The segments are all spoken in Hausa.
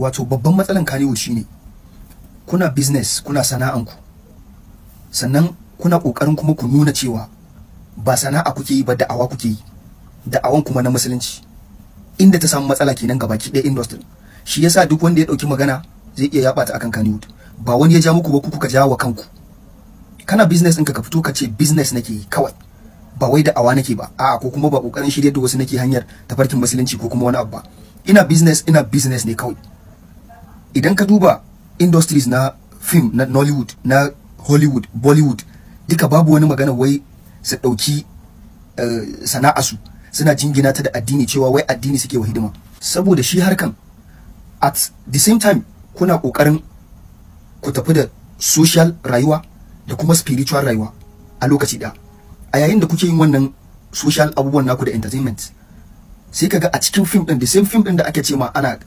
wato babban matsalan kaniwood shine kuna business kuna sana'anku sannan kuna kokarin kuma ku nuna cewa ba sana'a kuke yi ba da'awa kuke yi awan kuma na musulunci inda ta samu matsala kenan gaba ki da industry shi yasa duk wanda ya ɗauki magana zai iya yaba ta akan kaniwood ba wani ya ja muku ba ku kuka jawo kanku kana business ɗinka ka fito ka ce business nake yi kawai ba wai da awa nake ba a'a ko kuma ba kokarin shirye da wasu nake hanyar tafarkin musulunci ko kuma wani abu ba ina business ina business ne kawai idan ka duba industries na film na nollywood na hollywood bollywood duka babu wani magana wai su ɗauki eh, sana'a su suna jingina ta da addini cewa wai addini suke wa hidima saboda shi harkan at the same time kuna kokarin ku tafi da social rayuwa da kuma spiritual rayuwa a lokaci ɗaya a yayin da kuke yin wannan social abubuwan naku da entertainment sai kaga a cikin film ɗin the same film ɗin da ake ce ma ana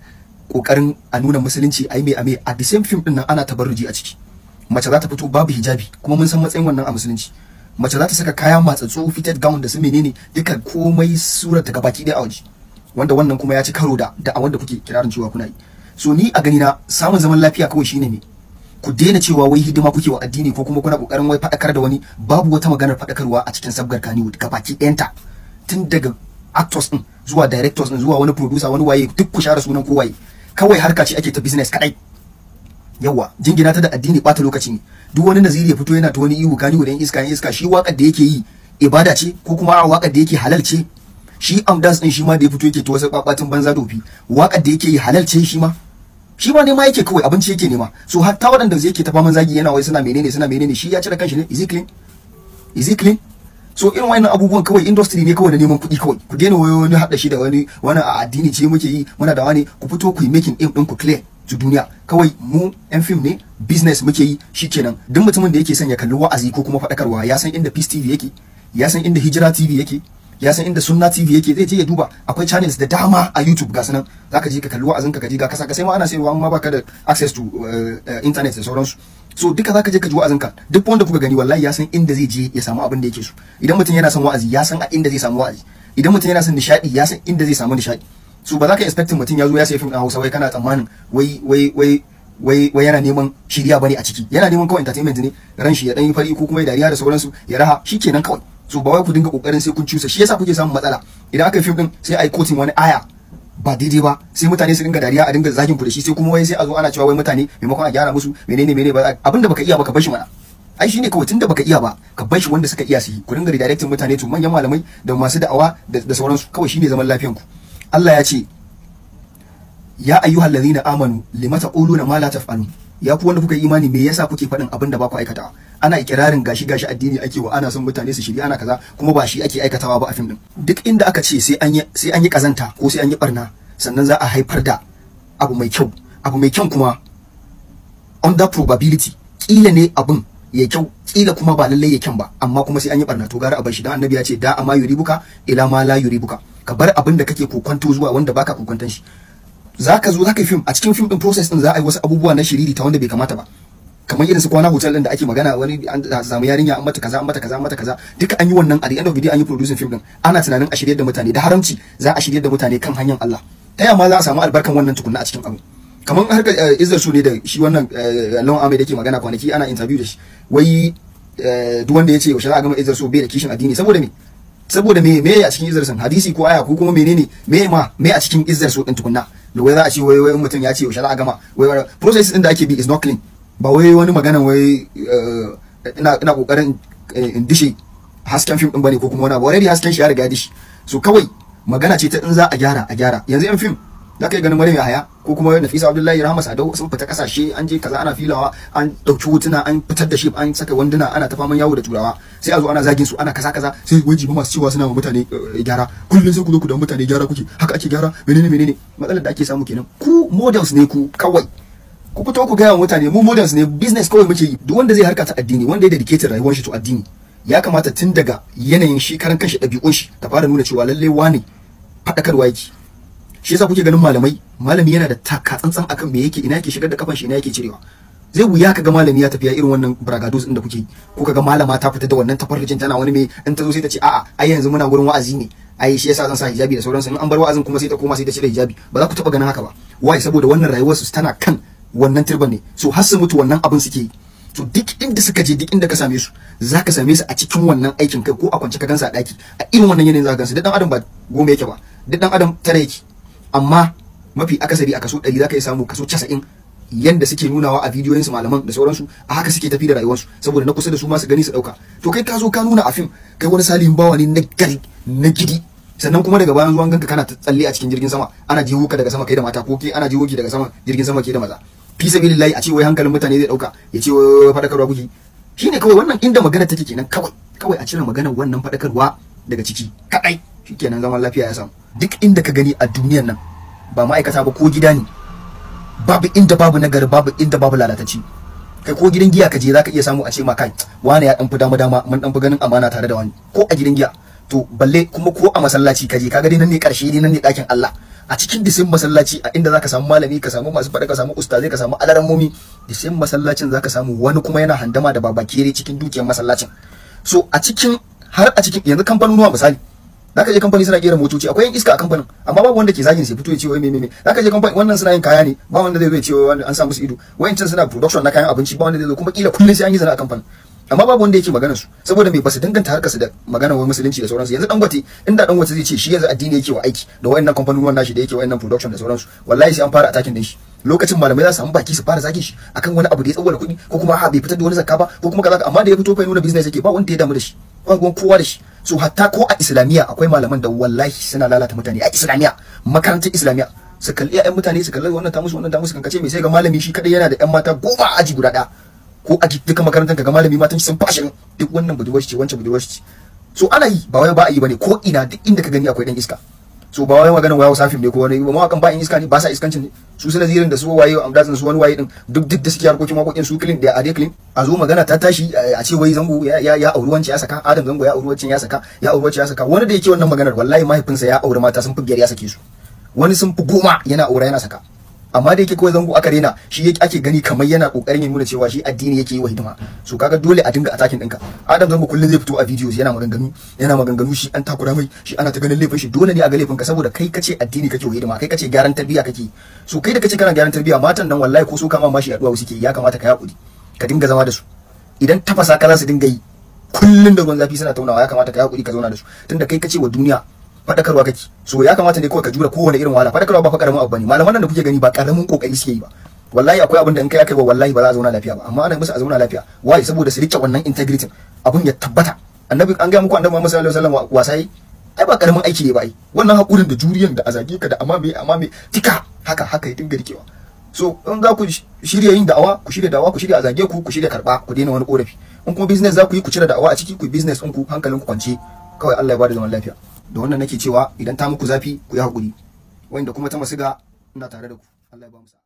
kokarin a nuna musulunci ai mai ame a the same film din nan ana tabarruji a ciki mace za ta fito babu hijabi kuma mun san matsayin wannan a musulunci mace za ta saka kaya matsatsu fitted gown da su menene duka komai surar ta gabaki dai a waje wanda wannan kuma ya ci karo da da wanda kuke kirarin cewa kuna yi so ni a gani na samun zaman lafiya kawai shine ne ku daina cewa wai hidima kuke wa addini ko kuma kuna kokarin wai fadakar da wani babu wata maganar fadakarwa a cikin sabgar baki gabaki ɗayanta tun daga actors din zuwa directors din zuwa wani producer wani waye duk ku share sunan ko waye kawai harka ce ake ta business kadai yawa jingina ta da addini bata lokaci ne duk wani naziri ya fito yana ta wani ihu gani wurin iska iska shi wakar da yake yi ibada ce ko kuma a wakar da yake halal ce shi amdas din shi ma da ya fito yake ta wasu kwakwatin banza dofi wakar da yake yi halal ce shi ma shi ma nema yake kawai abinci yake nema so hatta waɗanda yake ta faman zagi yana wai suna menene suna menene shi ya cire kanshi ne is it clean is it clean so irin wayannan abubuwan kawai industry ne kawai na neman kuɗi kawai ku daina wani haɗa shi da wani wani a addini ce muke yi muna da wani ku fito ku yi making aim ɗin ku clear to duniya kawai mu yan fim ne business muke yi shi kenan duk mutumin da yake son ya kalli wa'azi ko kuma faɗakarwa ya san inda Peace TV yake ya san inda Hijira TV yake ya san inda Sunna TV yake zai je ya duba akwai channels da dama a YouTube ga sanan zaka je ka kalli wa'azin ka ka je ga kasa ka sai ma ana sayarwa amma baka da access to eh, eh, internet da sauransu so duka zaka je ka ji wa'azin ka duk wanda kuka gani wallahi ya san inda zai je ya samu abin da yake so idan mutum yana son wa'azi ya san a inda zai samu wa'azi idan mutum yana son nishadi ya san inda zai samu nishadi so ba za ka expect mutum ya zo ya sai fim a Hausa wai kana tsammanin wai wai wai wai wai yana neman shirya bane a ciki yana neman kawai entertainment ne ran shi ya dan yi fari ko kuma ya dariya da sauransu ya raha shikenan kawai so ba wai ku dinga kokarin sai kun cusa shi yasa kuke samun matsala idan aka yi fim din sai ai kotin wani aya ba daidai ba sai mutane su dinga dariya a dinga zagin ku da shi sai kuma wai sai a zo ana cewa wai mutane maimakon a gyara musu menene menene ba abinda baka iya baka ka shi mana ai shine kawai tunda baka iya ba ka bashi shi wanda suka iya su yi ku dinga redirecting mutane to manyan malamai da masu da'awa da sauransu kawai shine zaman ku Allah ya ce ya ayyuhal na amanu limata quluna ma la taf'alun ya fi wanda kuka yi imani me yasa kuke faɗin abin da ba ku aikata ana ikirarin gashi gashi addini ake wa ana son mutane su shiri ana kaza kuma ba shi ake aikatawa ba a fim din duk inda aka ce sai an yi sai an yi kazanta ko sai an yi barna sannan za a haifar da abu mai kyau abu mai kyau kuma under probability kila ne abin ya kyau kila kuma ba lallai ya kyan ba amma kuma sai an yi barna to gara a bar shi dan annabi ya ce da amma yuribuka ila ma la yuribuka ka bar abin da kake kokonto zuwa wanda baka kokonton shi za ka zo za ka yi film a cikin film din process din za a yi wasu abubuwa na shiriri ta wanda bai kamata ba kamar irin su kwana hotel din da ake magana wani an samu yarinya an mata kaza an mata kaza an mata kaza duka an yi wannan a the end of the day an yi producing film din ana tunanin a shirye da mutane da haramci za a shirye da mutane kan hanyar Allah ta yamma za a samu albarkan wannan tukunna a cikin abu kamar har eh, izar su ne da shi wannan eh, lawan amai da ke magana kwanaki ana interview da shi wai eh, duk wanda ya ce yaushe za a gama izar su bai da kishin addini saboda me saboda me me a cikin izar sun hadisi ko aya ko kuma menene me ma me a cikin izar su din tukunna wai za a ce wai wai mutum ya ce yaushe za gama wai process din da ake bi is not clean ba wai wani magana wai eh, ina ina kokarin eh, in dishe hasken fim din bane ko kuma wani already hasken shi ya riga dishi so kawai magana ce ta in za a gyara a gyara yanzu yan fim za ka yi ganin maryam yahaya ko kuma nafisa abdullahi Rahma sadau sun fita kasashe an je kaza ana filawa an dauki hotuna an fitar da shi an saka wanduna ana ta faman yawo da turawa sai a zo ana zagin su ana kaza kaza sai wai jibi masu cewa suna ma mutane eh, gyara kullum sai ku zo ku da mutane gyara kuke haka ake gyara menene menene matsalar da ake samu kenan ku models ne ku kawai ku fito ku gaya mutane mu models ne business kawai muke yi duk wanda zai harka ta addini wanda ya dedicated rayuwar shi to addini ya kamata tun daga yanayin shi karan kanshi ɗabi'un shi ta fara nuna cewa lallai wane faɗakarwa yake shi yasa kuke ganin malamai malami yana da taka tsantsan akan me yake ina yake shigar da kafan shi ina yake cirewa zai wuya kaga malami ya tafiya irin wannan bragados din da kuke ko kaga malama ta fita da wannan tafarrijin tana wani mai in ta zo sai ta ce a'a ai yanzu muna gurin wa'azi ne ai shi yasa zan sa hijabi da sauransu in an bar wa'azin kuma sai ta koma sai ta cire hijabi ba za ku taba ganin haka ba wai saboda wannan rayuwar su tana kan wannan turban ne so har su mutu wannan abin suke yi to duk inda suka je duk inda ka same su zaka same su a cikin wannan aikin kai ko a kwance ka gansa a daki a irin wannan yanayin zaka gansa duk dan adam ba goma yake ba duk dan adam tare yake amma mafi akasari a kaso 100 zaka iya samu kaso 90 yanda suke nunawa a su malaman da sauransu a haka suke tafi da su saboda na kusa da su ma su gani su dauka to kai ka zo ka nuna a fim kai wani salihin bawa ne na gari na gidi sannan kuma daga bayan zuwan ganka kana tsalle a cikin jirgin sama ana jiwo ka daga sama kai da mata ko ke ana jiwo ki daga sama jirgin sama ke da maza fi sabilillahi a ce wai hankalin mutane zai dauka ya ce wai fadakarwa kuke shine kawai wannan inda magana take kenan kawai kawai a cire magana wannan fadakarwa daga ciki kadai shikenan zaman lafiya ya samu duk inda ka gani a duniyan nan ba ma'aikata ba ko gida ne babu inda babu nagari babu inda babu lalataci kai ko gidan giya ka je zaka iya samu a ce ma kai wani ya dan fi dama dama mun dan fi ganin amana tare da wani ko a gidan giya to balle kuma ko a masallaci ka je kaga dai nan ne karshe ne nan ne dakin Allah a cikin disin masallaci a inda zaka samu malami ka samu masu faɗa ka samu ustazai ka samu alaran mumi disin masallacin zaka samu wani kuma yana handama da babakire cikin dukiyar masallacin so a cikin har a cikin yanzu kamfanonuwa misali zaka je kamfani suna kera motoci akwai iska a kamfanin amma babu wanda ke zagin sai fito ya ce wai meme zaka je kamfani wannan suna yin kaya ne ba wanda zai zo ya ce wai an sa musu ido wayancin suna production na kayan abinci ba wanda zai zo kuma kila kullun sai an yi zana a kamfanin amma babu wanda yake magana su saboda me basu danganta harkar su da magana wani musulunci da sauransu yanzu dangote inda dangote zai ce shi yanzu addini yake wa aiki da wayannan kamfanonin nashi da yake wayannan production da sauransu wallahi sai an fara attacking din shi lokacin malamai za su samu baki su fara zage shi akan wani abu da ya tsawwala kuɗi ko kuma ha bai fitar da wani zakka ba ko kuma kaza amma da ya fito fa nuna business yake ba wanda ya damu da shi ba gon kowa da shi so hatta ko a islamiya akwai malaman da wallahi suna lalata mutane a islamiya makarantar islamiya su kalli 'ya'yan mutane su kalli wannan ta musu wannan ta musu kankace mai sai ga malami shi kadai yana da ƴan mata goma a aji guda ɗaya ko a duka makarantar ka ga malami matan sun fashe duk wannan budurwar ce wancan budurwar ce so ana yi ba wai ba a yi bane ko ina duk inda ka gani akwai dan iska so ba wai maganar wayo safin ne ko wani ba mawakan ba in iska ne ba sa iskancin ne su sai zirin da su waye dazin su wani waye din duk duk da suke harkokin makokin su clean da a clean a zo magana ta tashi a ce wai zango ya ya auri wancan ya saka adam zango ya auri wancan ya saka ya auri wancan ya saka wani da yake wannan maganar wallahi mahaifinsa ya auri mata sun fi biyar ya sake su wani sun fi goma yana aure yana saka amma da yake kawai zango aka rena shi yake ake gani kamar yana kokarin ya nuna cewa shi addini yake yi wa hidima so kaga dole a dinga attacking ɗinka adam zango kullun zai fito a videos yana maganganu yana maganganu shi an takura mai shi ana ta ganin laifin shi dole ne a ga laifin ka saboda kai kace addini kake wa hidima kai kace gyaran tarbiyya kake so kai da kace kana gyaran tarbiyya matan nan wallahi ko so kama ma shi yaduwa suke ya kamata ka yaƙuri ka dinga zama da su idan tafasa ka za su dinga yi kullun da ruwan zafi suna taunawa ya kamata ka yaƙuri ka zauna da su tunda kai kace wa duniya fadakarwa kake so ya kamata ne kawai ka jura kowane irin wahala fadakarwa ba fa karamin abu bane malaman nan da kuke gani ba karamin kokari suke yi ba wallahi akwai abin da in kai aka wa wallahi ba za a zauna lafiya ba amma ana musu a zauna lafiya wai saboda su rike wannan integrity abun ya tabbata annabi an ga muku annabi Muhammad sallallahu alaihi wasallam wasai ai ba karamin aiki ne ba ai wannan hakurin da juriyan da azage ka da amame amame tika haka haka ya dinga rikewa so in za ku shirya yin da'awa ku shirya da'awa ku shirya azage ku ku shirya karba ku daina wani korafi in kuma business za ku yi ku cire da'awa a ciki ku business in ku hankalin ku kwance kawai Allah ya bada zaman lafiya da wannan nake cewa idan ta muku zafi ku yi hakuri, wanda kuma ta masu ga ina tare da ku Allah ya ba mu